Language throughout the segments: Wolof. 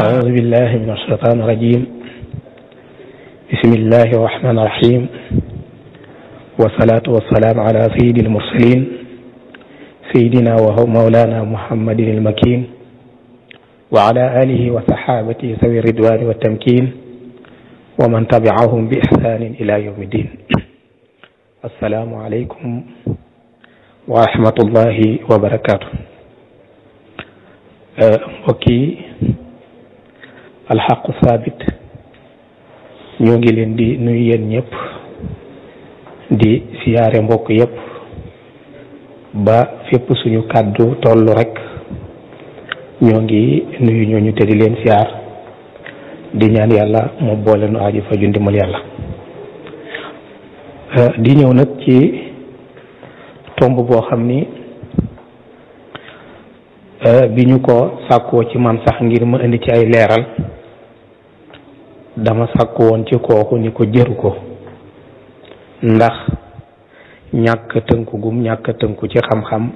أعوذ بالله من الشيطان الرجيم بسم الله الرحمن الرحيم والصلاة والسلام على سيد المرسلين سيدنا وهو مولانا محمد المكين وعلى آله وصحابته ذوي الردوان والتمكين ومن تبعهم بإحسان إلى يوم الدين assalaamu aleykum wa rahmatullahi wa eh, mbokk yi alxaqu saabit ñoo ngi leen di nuyu yéen ñëpp di siyaare mbokk yépp ba fépp suñu kàddu toll rekk ñoo ngi nuyu ñu te di leen siyaar di ñaan yàlla moom boole nu aaji faju ndimbal yàlla Euh, di ñëw nag ci tomb boo xam ni euh, bi ñu ko sàkkoo ci man sax ngir ma indi ci ay leeral dama sàkk woon ci kooku ni ko jëru ko ndax ñàkk tënku ñàkk tënku ci xam-xam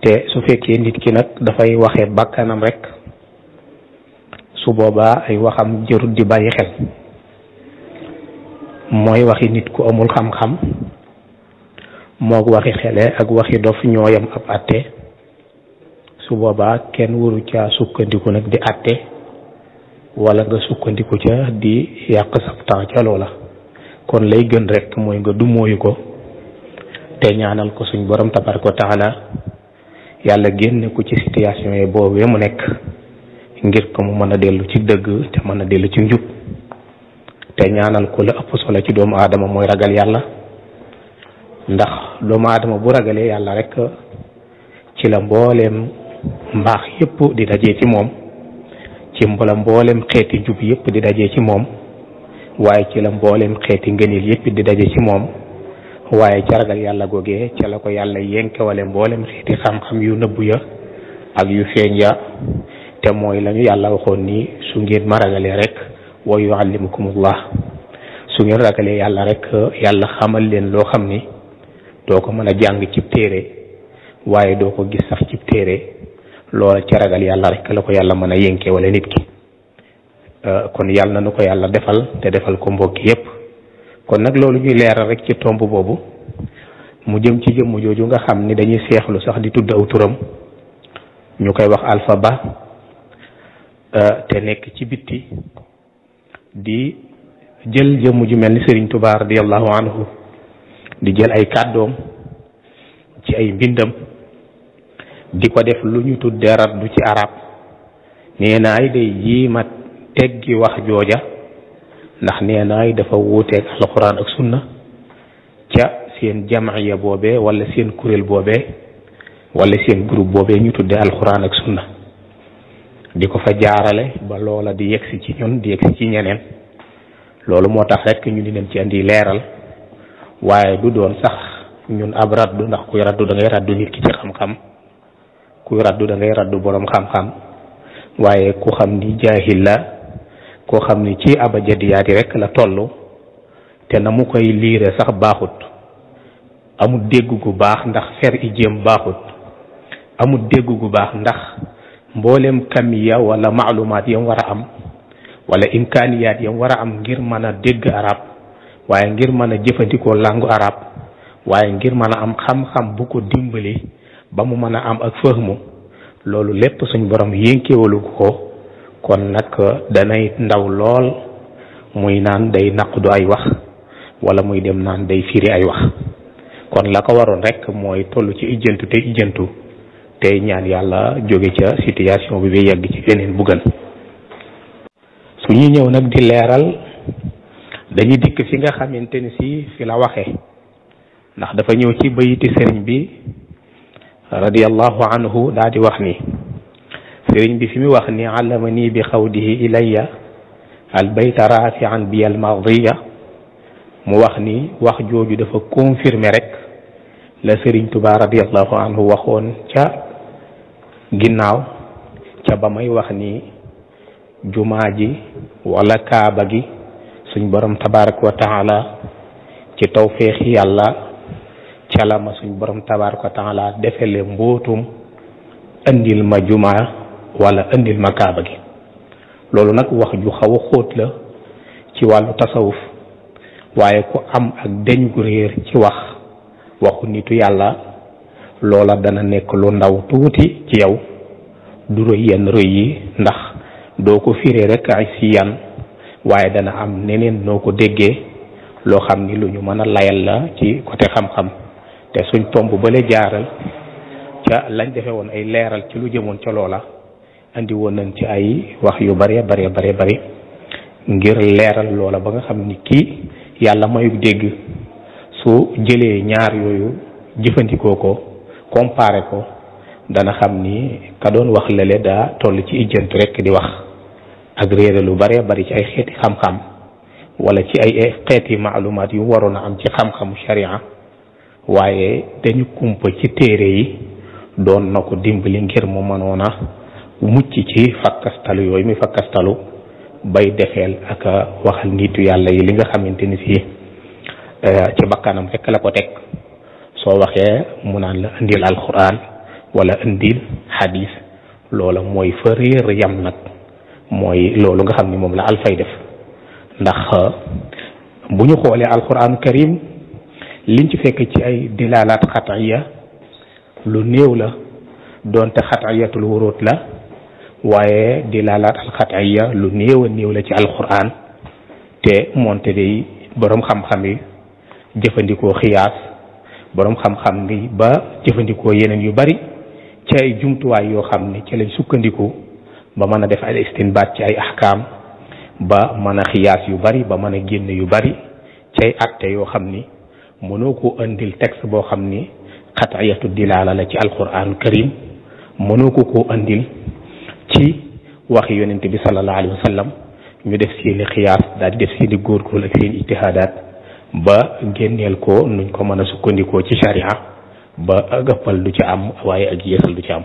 te su fekkee nit ki nag dafay waxe bàkkanam rek su boobaa ay waxam jërut di bàyyi xel mooy waxi nit ku amul xam-xam moog waxi xele ak waxi dof ñooyam ab atte su boobaa kenn waru caa sukkandiku nag di atte wala nga sukkandiku ca di yàq sab temps ca loola kon lay gën rek mooy nga dumooyu ko te ñaanal ko suñ borom tabaraka taala yàlla génne ko ci situation yi boobee mu nekk ngir ko mu mën a dellu ci dëgg te mën a ci njub te ñaanal ko la ëpp solo ci doomu aadama mooy ragal yàlla ndax doomu aadama bu ragalee yàlla rek ci la mbooleem mbaax yépp di dajee ci moom ci mbooleem xeeti jub yépp di dajee ci moom waaye ci la mbooleem xeeti ngënil yépp di dajee ci moom waaye ca ragal yàlla googee ca la ko yàlla yenkewale mbooleem xeeti xam-xam yu nëbbu ya ak yu feeñ ya te mooy lañu yàlla waxoon ni su ngeen ma ragalee rek ويعلمكم الله سنين راكلي يالا رك يالا خامل لين لو خامني دوكو مانا جانغ تيب تيري واي دوكو جيساف تيب تيري لولا تيراغال يالا رك لكو يالا مانا ينكي ولا نيبكي آه، كون يالا نكو يالا دفال تي دفال كومبو كييب كون نك لولو ني ليرا رك تي تومبو بوبو mu jëm ci jëm jooju nga xam ni dañuy seexlu sax di tudd aw turam ñu koy wax alpha ba euh, te nekk ci bitti di jël jëmm ju melni serigne touba tuba anhu di jël ay kaddom ci ay mbindam di ko def luñu tudde tudde du ci arab neena ay day ma teggi wax jojja ndax neena ay dafa wuuteeg alquran ak sunna ca seen jamaaya bobé wala seen kurel bobé wala seen groupe bobé ñu tudde alquran ak sunna di ko fa jaarale ba loola di yegsi ci ñun di yegsi ci ñeneen loolu moo tax rek ñu di leen ci andi leeral waaye du doon sax ñun ab raddu ndax kuy raddu da ngay raddu nit ki ci xam-xam kuy raddu da ngay raddu borom xam-xam waaye ku xam ni jaahil la ko xam ni ci aba rek la tollu te na mu koy liire sax baaxut amul dégg gu baax ndax fer i jéem baaxut amul gu baax ndax mboolem kamiya wala maalumaat yam wara am wala imkaniyat yam wara am ngir mana deg arab waye ngir mana jefandiko arab waye ngir mana am xam-xam bu ko dimbali ba mu mana am ak fahmu lolou lepp suñ borom yénkewalu ko kon nag danay ndaw lol muy nan day naqdu ay wax wala muy dem nan day firi ay wax kon la ko waron rek moy tollu ci ijeentu te ijeentu tay ñaan yalla joge ci situation bi ba yegg ci beneen bu gën su ñuy ñëw di leral dañuy dik fi nga xamanteni ni si fi la waxe ndax dafa ñew ci bayiti serigne bi radiyallahu anhu daa di wax ni serigne bi fimi wax ni allama bi khawdihi ilayya albayta rafian bi madhiya mu wax ni wax joju dafa confirmer rek la serigne touba radiyallahu anhu waxoon ca ginnaaw ca ba may wax ni jumaa ji wala kaaba gi suñ borom tabarak wa taala ci tawféex yàlla ca ma suñ borom tabarak wa taala defele mbootum indil ma jumaa wala indil ma kaaba gi loolu nag wax ju xaw a xóot la ci wàllu tasawuf waaye ku am ak deñ gu réer ci wax waxu nitu yàlla loola dana nekk lu ndaw tuuti ci yow du rëy yenn rëy yi ndax doo ko fiiree rek ay yan waaye dana am neneen noo ko déggee loo xam ni lu ñu mën a layal la ci côté xam-xam te suñ tomb bale jaaral ca lañ defe woon ay leeral ci lu jëmoon ca loola indiwoon nañ ci ay wax yu bare bare bare bari ngir leeral loola ba nga xam ni kii yàlla mayug dégg su jëlee ñaar yooyu jëfandikoo ko comparé ko dana xam ni ka doon wax lële daa toll ci ijjant rekk di wax ak réere lu bare bari ci ay xeeti xam-xam wala ci ay xeeti maalumaat yu waroon a am ci xam-xamu sharia waaye dañu kumpa ci téere yi doon na ko dimbali ngir mu mënoon a mucc ci fakkastalu yooyu mi fakkastalu bay defeel ak waxal nitu yàlla yi li nga xamante ni si eh, ci bakkanam fekk la ko teg so waxe mu nan la andil alquran wala andil hadith loola moy fa yam nak moy loolu nga xamni mom moom la alfay def ndax buñu xolé alquran karim liñ ci fekk ci ay dilalat xataiya lu néew la doonte xataiyatul wurut la waye dilalat al xataiya lu néew a néew la ci alquran te monte day borom xam-xam yi jëfandikoo xiyaas boroom xam-xam ngi ba jëfandikoo yeneen yu bari ci ay jumtuwaay yoo xam ne ci lay sukkandiku ba mën a def ay istinbaat ci ay ahkaam ba mën a xiyaas yu bari ba mën a génn yu bari ci ay acte yoo xam ni mënoo koo indil texte boo xam ni xatiyatu dilaala la ci alquraan karim mënoo ko koo indil ci waxi yonent bi sallallahu alayhi wa sallam ñu def seeni xiyaas daal def seeni góor ak seeni ijtihaadaat ba génneel ko nuñ ko mën a sukkandikoo ci sharia ba ak ëppal du ci am waaye ak yeesal du ci am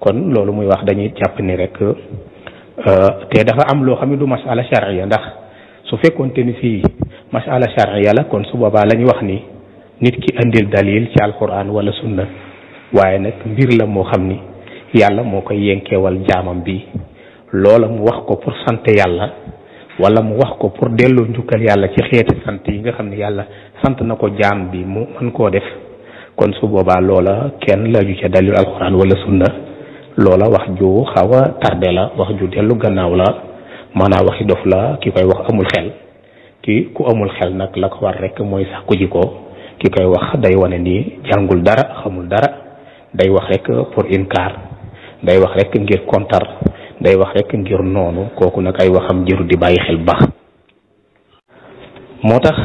kon loolu muy wax dañuy jàpp ni rek euh, te dafa am loo xam ne du masala sharia ndax su fekkoonte ni fii masala sharia la kon su boobaa la wax ni nit ki indil dalil ci alquran wala sunna waaye nag mbir la moo xam ni yàlla moo koy yenkeewal jaamam bi loola mu wax ko pour sant yàlla wala mu wax ko pour delloo ndukal yalla ci xéeti sant yi nga xamni yalla sant nako jaam bi mu man ko def kon su boba lola ken la ju ci dalil alquran wala sunna lola wax ju xawa tardé la wax ju delu gannaaw la mana waxi dof la ki koy wax amul xel ki ku amul xel nak la ko war rek moy sax jiko ki koy wax day wone ni jangul dara xamul dara day wax rek pour inkar day wax rek ngir kontar day wax rek ngir noonu kooku nag ay waxam jëru di bàyyi xel baax moo tax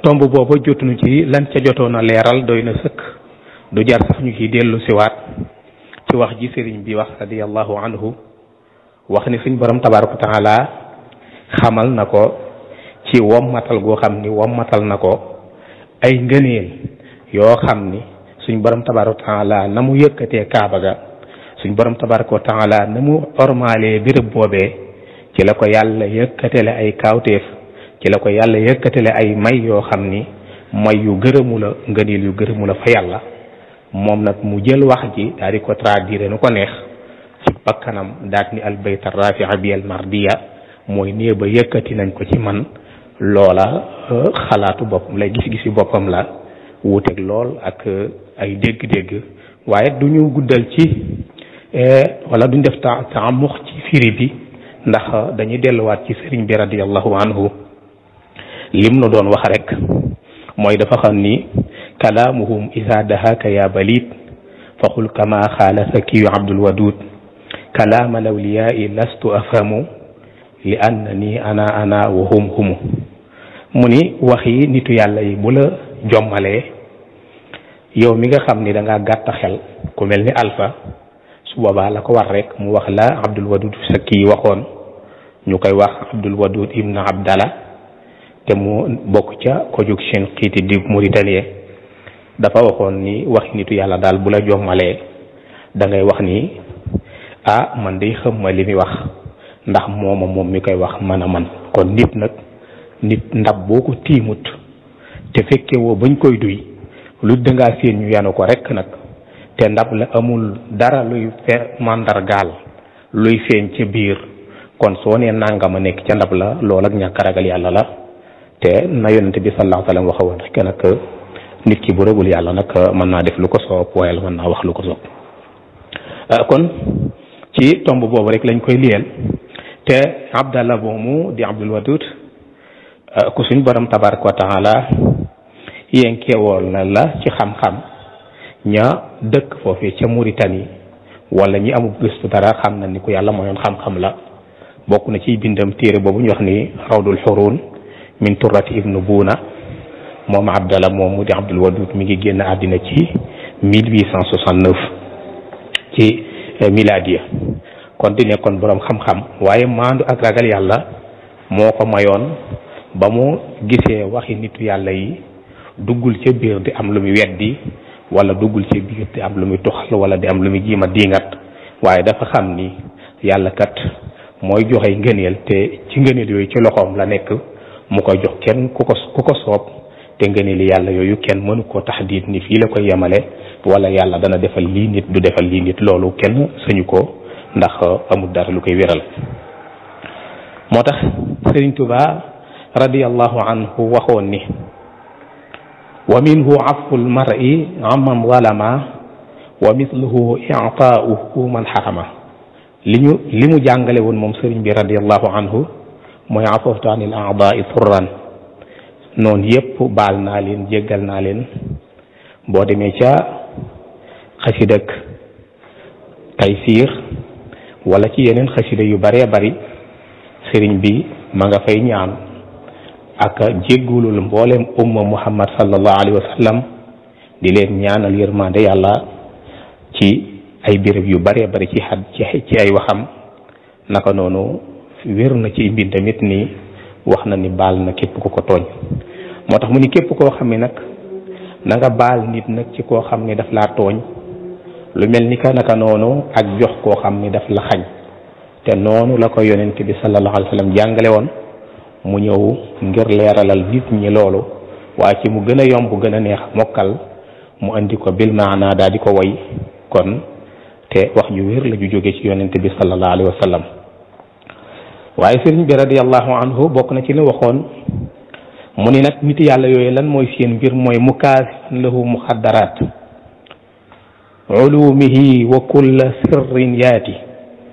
tomb booba jotuñu ci lan ca jotoon a leeral doy na sëkk du jar sax ñu ciy dellu siwaat ci wax ji sëriñ bi wax radiallahu anhu wax ni suñ borom tabaaraka taala xamal na ko ci wommatal goo xam ni wommatal na ko ay ngëneel yoo xam ni suñ borom tabaaraka taala na mu yëkkatee kaaba ga suñ borom tabaraka wa taala na mu ormaalee béréb boobee ci la ko yàlla yëkkatale ay kaawteef ci la ko yàlla yëkkatale ay may yoo xam ni may yu gërëmu la ngëneel yu gërëmu la fa yàlla moom nag mu jël wax ji daal di ko traduire nu ko neex ci bakkanam daat ni albayta rafia bi al mardiya mooy néeg ba yëkkati nañ ko ci man loola euh, xalaatu boppam lay gis-gisi boppam la wuuteeg lool ak euh, ay dégg-dégg waaye du ñu guddal ci wala duñ def taamukh ci firi bi ndax dañuy delluwaat ci sëriñ bi radiallahu anhu lim nu doon wax rek mooy dafa xam ni kalaamuhum isa dahaka ya balid فقل كما قال سكي عبد الودود كلام الأولياء لست أفهم لأنني أنا أنا وهم هم mu ni wax yi nitu yàlla yi bu la jommalee yow mi nga xam ni da ngaa gàtt xel ku mel ni alpha su boobaa la ko war rek mu wax la Abdul Wadud Sakki waxoon ñu koy wax Abdul Wadud Ibn Abdallah te mu bokk ca ko jóg seen xiiti di Mauritanie dafa waxoon ni waxi yàlla daal bu la jommalee dangay wax ni ah man day xam ma li muy wax ndax mooma moom mi koy wax man man kon nit nag nit ndab boo ko tiimut te fekkewoo woo bañ koy duy lu dangaa seen ñu yanu ko rek nag te ndab la amul dara luy fe màndargaal luy feeñ ca biir kon soo nee ma nekk ca ndab la lool ak ñàkk ragal yàlla la te na yonent bi sa alayhi wa sallam nit ki bu yàlla nag mën naa def lu ko soob waaye mën wax lu ko soob ah, ci tomb boobu rek lañ koy liyeel te abdallah boomu di abdul ah, ku suñ borom tabaraka wa taala yénkeewoon na la ci xam-xam ña dëkk foofu ca Mauritanie wala ñi amul gëstu dara xam na ni ku yàlla mayoon xam-xam la bokk na ciy bindam téere boobu ñu wax ni rawdul xuruun min turrati ibnu buuna moom abdala moom mu di abdul wadud mi ngi génn àddina ci 1869 ci eh, miladiya kon di nekkoon boroom xam-xam waaye maandu ak ragal yàlla moo ko mayoon ba mu gisee waxi nitu yàlla yi duggul ca biir di am lu mu weddi wala duggul ci biir di am lu muy tuxal wala di am lu muy jiima diingat waaye dafa xam ni yàlla kat mooy joxe ngëneel te ci ngëneel yooyu ci loxoom la nekk mu ko jox kenn ku ko ku ko soob te ngëneeli yàlla yooyu kenn mënu koo tax diit ni fii la koy yemale wala yàlla dana defal lii nit du defal lii nit loolu kenn sañu ko ndax amul dara lu koy wéral moo tax Sëriñ Tuubaa anhu waxoon ni wa minhu aful mari amman zalama wa misluhu i'taa'uhu man harama li ñu li mu jàngale woon moom sëriñ bi radiallahu anhu mooy afaftu anil a'daa'i turran noonu yépp baal naa leen jéggal naa leen boo demee ca xasidak taysiir wala ci yeneen xasida yu baree bari sëriñ bi ma nga fay ñaan ak jéggulul mbooleem umma muhammad sallallahu alayhi wa sallam di leen ñaanal yërmande yàlla ci ay béréb yu bare bari ci xad ci ay waxam naka noonu wér na ci mbir tamit ni wax na ni baal na képp ku ko tooñ moo tax mu ni képp koo xam ni nag nanga baal nit nag ci koo xam ni daf laa tooñ lu mel ni ka naka noonu ak jox koo xam ni daf la xañ te noonu la ko yonent bi sallallahu alayhi wa sallam jàngale woon mu ñëw ngir leeralal nit ñi loolu waaye ci mu gën a yomb gën a neex mokkal mu indi ko bil maana daal di ko woy kon te wax ju wér la ju jóge ci yonent bi sallallahu alayhi wa sallam waaye sëriñ bi radiallahu anhu bokk na ci li waxoon mu ne nag nit yàlla yooyu lan mooy seen mbir mooy mukaasin lahu muxaddaraat ulumihi wa kulla sirrin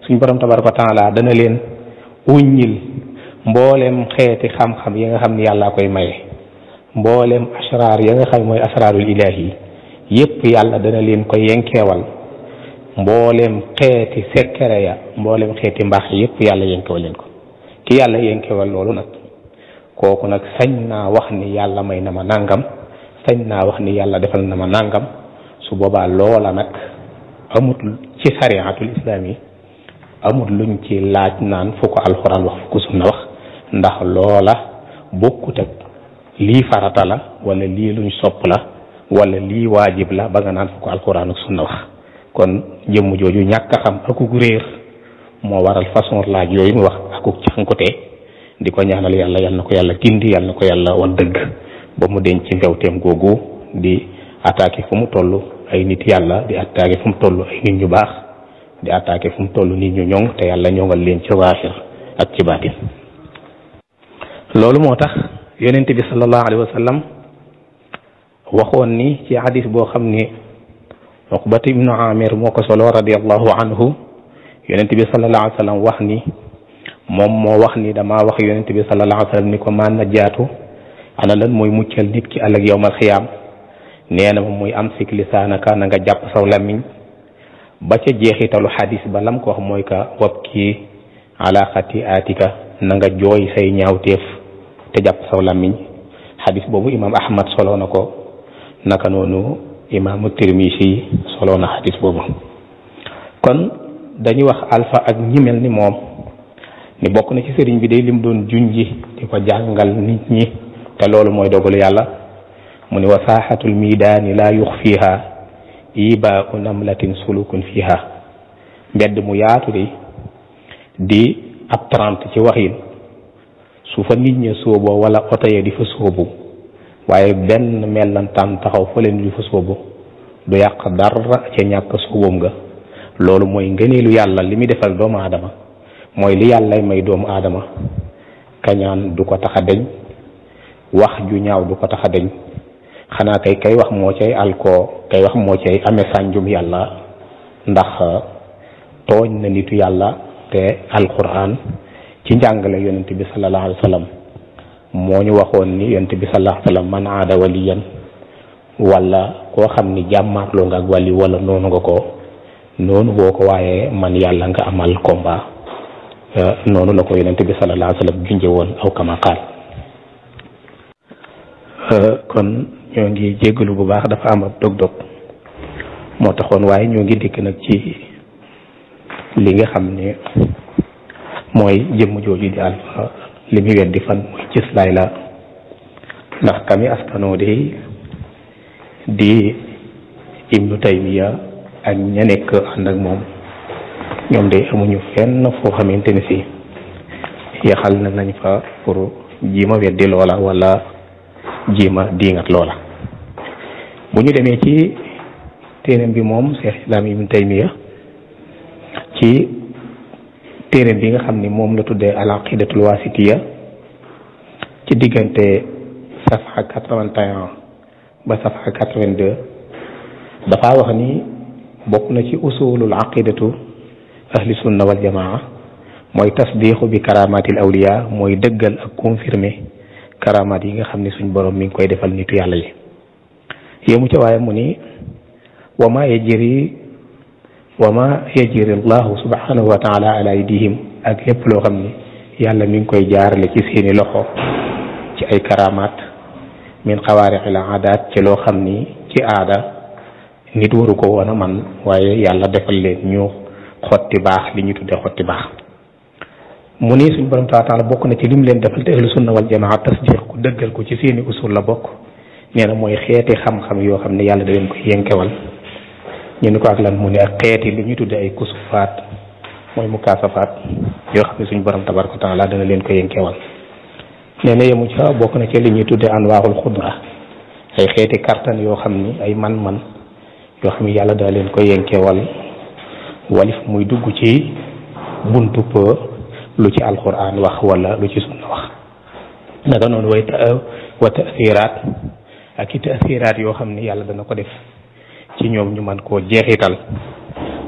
suñ borom tabaraka dana leen wuññil mboolem xeeti xam-xam yi nga xam ni yàlla koy maye mboolem asrar ya nga xam mooy asraarul ilaahi yépp yàlla dana leen koy yenkeewal mboolem xeeti sekkere ya mboolem xeeti mbaax yépp yàlla yenkeewal leen ko ki yàlla yenkeewal loolu nag kooku nag sañ naa wax ni yàlla may na ma nangam sañ naa wax ni yàlla defal na ma nangam su boobaa loola nag amut ci sariatul islam yi amut luñ ci laaj naan fu ko alxuraan wax fu ko sunna wax ndax loola bokkut ak lii farata la wala lii luñ sopp la wala lii waajib la ba nga naan fa ko alxuraan ak sunna wax kon jëm jooju ñàkk a xam akuk réer moo waral façon laaj yooyu mu wax akuk cànkute di ko ñaanal yàlla yal na ko yàlla gindi yal na ko yàlla wan dëgg ba mu denc ci mbewteem googu di attaqué fu mu toll ay nit yàlla di attaqué fu mu toll ay nit ñu baax di attaqué fu mu toll nit ñu ñoŋ te yàlla ñoŋal leen ci waaxir ak ci baatin loolu moo tax yonent bi sallallahu alayhi wa sallam waxoon ni ci hadis boo xam ni uqbat ibnu amir moo ko solo radiallahu anhu yonent bi sallallahu alayhi wa sallam wax ni moom moo wax ni damaa wax yonent bi sallallahu alayhi wa sallam ni ko man na ana lan mooy muccal nit ki ëllëg yowmal xiyaam nee na ma am sik lisaanaka na nga jàpp saw làmmiñ ba ca jeexitalu xadis ba lam ko wax mooy ka wab kii ala na nga jooy say ñaawteef te japp saw lamiñ hadith bobu imam ahmad solo nako naka nonu imam tirmisi solo na hadith bobu kon dañuy wax alpha ak ñi melni mom ni bokku na ci sëriñ bi day lim doon junji di ko jàngal nit ñi te lolu moy dogal yalla muni wasahatul midan la yukhfiha iba unamlatin sulukun fiha, mbedd mu yaatu di di ab 30 ci su fa nit ña soobo wala oto ya di fa sóobu waaye benn mellantaan taxaw fa leen di fa sóobu du yàq dara ca ñàkk sóobam nga loolu mooy ngëneelu yàlla li muy defal doomu aadama mooy li yàllay may doomu aadama kañaan du ko tax a deñ wax ju ñaaw du ko tax a deñ xanaa kay kay wax moo cay alko kay wax moo cay amee sànjum yàlla ndax tooñ na nitu yàlla te alquran ci njàngale yonent bi sallallahu alayhi moo ñu waxoon ni yonent bi sallallahu alayhi wa sallam man aada waliyan wala koo xam ni jàmmaatloo nga ak wali wala noonu nga ko noonu boo ko waaye man yàlla nga amal combat eh, noonu la ko yonent bi sallallahu alayhi wa junje woon aw kama qaal eh, kon ñoo ngi jéggalu bu baax dafa am ab dog-dog moo taxoon waaye ñoo ngi dikk nag ci li nga xam ni mooy jëmm jooju di alfa li muy weddi fan mooy cëslaay la ndax kami askanoo de di ibnu taymiya ak ña nekk ànd ak moom ñoom de amuñu fenn foo xamante ne si yaxal na nañ fa pour jiima weddi loola wala jiima diingat loola bu ñu demee ci téereem bi moom Cheikh Islam ibnu Taymiya ci téere bi nga xam ni moom la tuddee al aqidatul wasitiya ci diggante safa 81 ba safa 82 dafa wax ni bokk na ci usulul aqidatu ahli sunna wal jamaa mooy tasdiqu bi karamatil awliya mooy dëggal ak confirmer karamaat yi nga xam ni suñ borom mi ngi koy defal nit yàlla yi yéemu ca waaye mu ni wa ma wa ma yajri allahu subhanahu wa taala ala aydihim ak lépp loo xam ni yàlla mi ngi koy jaarale ci seeni loxo ci ay karamaat min xawaariqil aadaat ci loo xam ni ci aada nit waru ko woon a man waaye yàlla defal leen ñu xotti baax li ñu tuddee xotti baax mu ni suñu borom taala bokk na ci lim leen defal te ahlu sunna wal jamaa tasdiq ku dëggal ko ci seeni usul la bokk nee mooy xeeti xam-xam yoo xam ne yàlla da leen koy yënkewal ñu ni ko ak lan mu ne ak xeeti lu ñu tudde ay kusufaat mooy mu kaasafaat yoo xam ne suñu borom tabaraka laa dana leen ko yënkewal nee na yemu ca bokk na ca li ñuy tudde anwaaxul xudra ay xeeti kartan yoo xam ni ay man-man yoo xam ni yàlla dana leen ko yënkewal walif muy dugg ci buntu pë lu ci alquran wax walla lu ci sunna wax naka noonu way wa taasiraat ak i taasiraat yoo xam ni yàlla dana ko def ci ñoom ñu man koo jeexital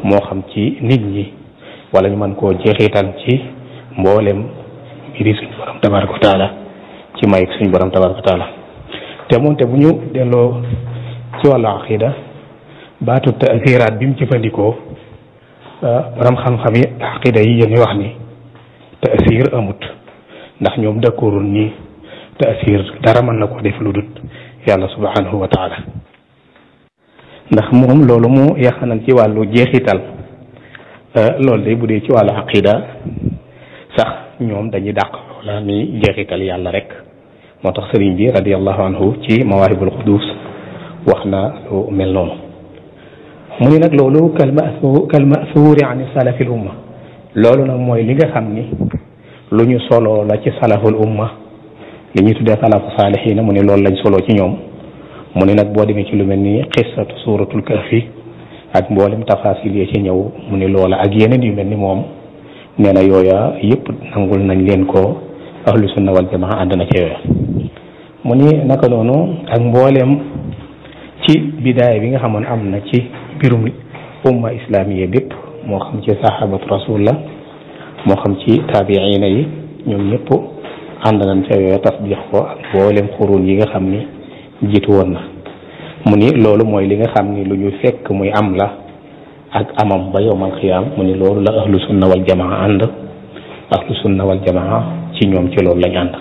moo xam ci nit ñi wala ñu man koo jeexital ci mboolem mbiri suñu borom tabaraka taala ci may suñu borom tabaraka taala te moonte bu ñu delloo ci wàllu aqida baatu taasiraat bi mu fandiko ah, borom xam-xam yi aqida yi yéen wax ni taasir amut ndax ñoom dakkoorul ni taasir dara mën na ko def lu dut yàlla subhanahu wa taala ndax moom loolu mu yaxanal ci wàllu jeexital euh, loolu day bu dee ci wàllu aqida sax ñoom dañuy dàq loola ni jeexital yàlla rek moo tax sëriñ bi radiallahu anhu ci mawaahibul qudus wax na lu mel noonu mu ni nag loolu kal masu kal masuuri an loolu nag mooy li nga xam ni lu ñu soloo la ci salaful umma li ñuy tuddee salafu saalihiina mu ni loolu lañ soloo ci ñoom mu ne nag boo demee ci lu mel ni xissatu suuratul kahfi ak mboolem tafasil ya ci ñëw mu ne loola ak yeneen yu mel ni moom nee na yooya yëpp nangul nañ leen ko ahlu sunna wal ànd na ci yooya mu ni naka noonu ak mbooleem ci bidaaya bi nga xamoon am na ci birum umma islamiya bépp moo xam ci sahabatu rasul la moo xam ci taabiina yi ñoom ñëpp ànd nañ ca yooya tasdiq ko ak mbooleem xuruun yi nga xam ni jiitu woon na mu ni loolu mooy li nga xam ni lu ñu fekk muy am la ak amam ba yowmal xiyaam mu ni loolu la ahlu sunna wal jamaa ànd ahlu sunna wal jamaa ci ñoom ci loolu lañ ànd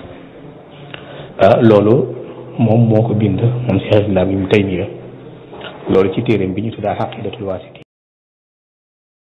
ah, loolu moom moo ko bind moom Cheikh Islam Ibn Taymiyya loolu ci téeréem bi ñu tuddaa xaqidatul waasiti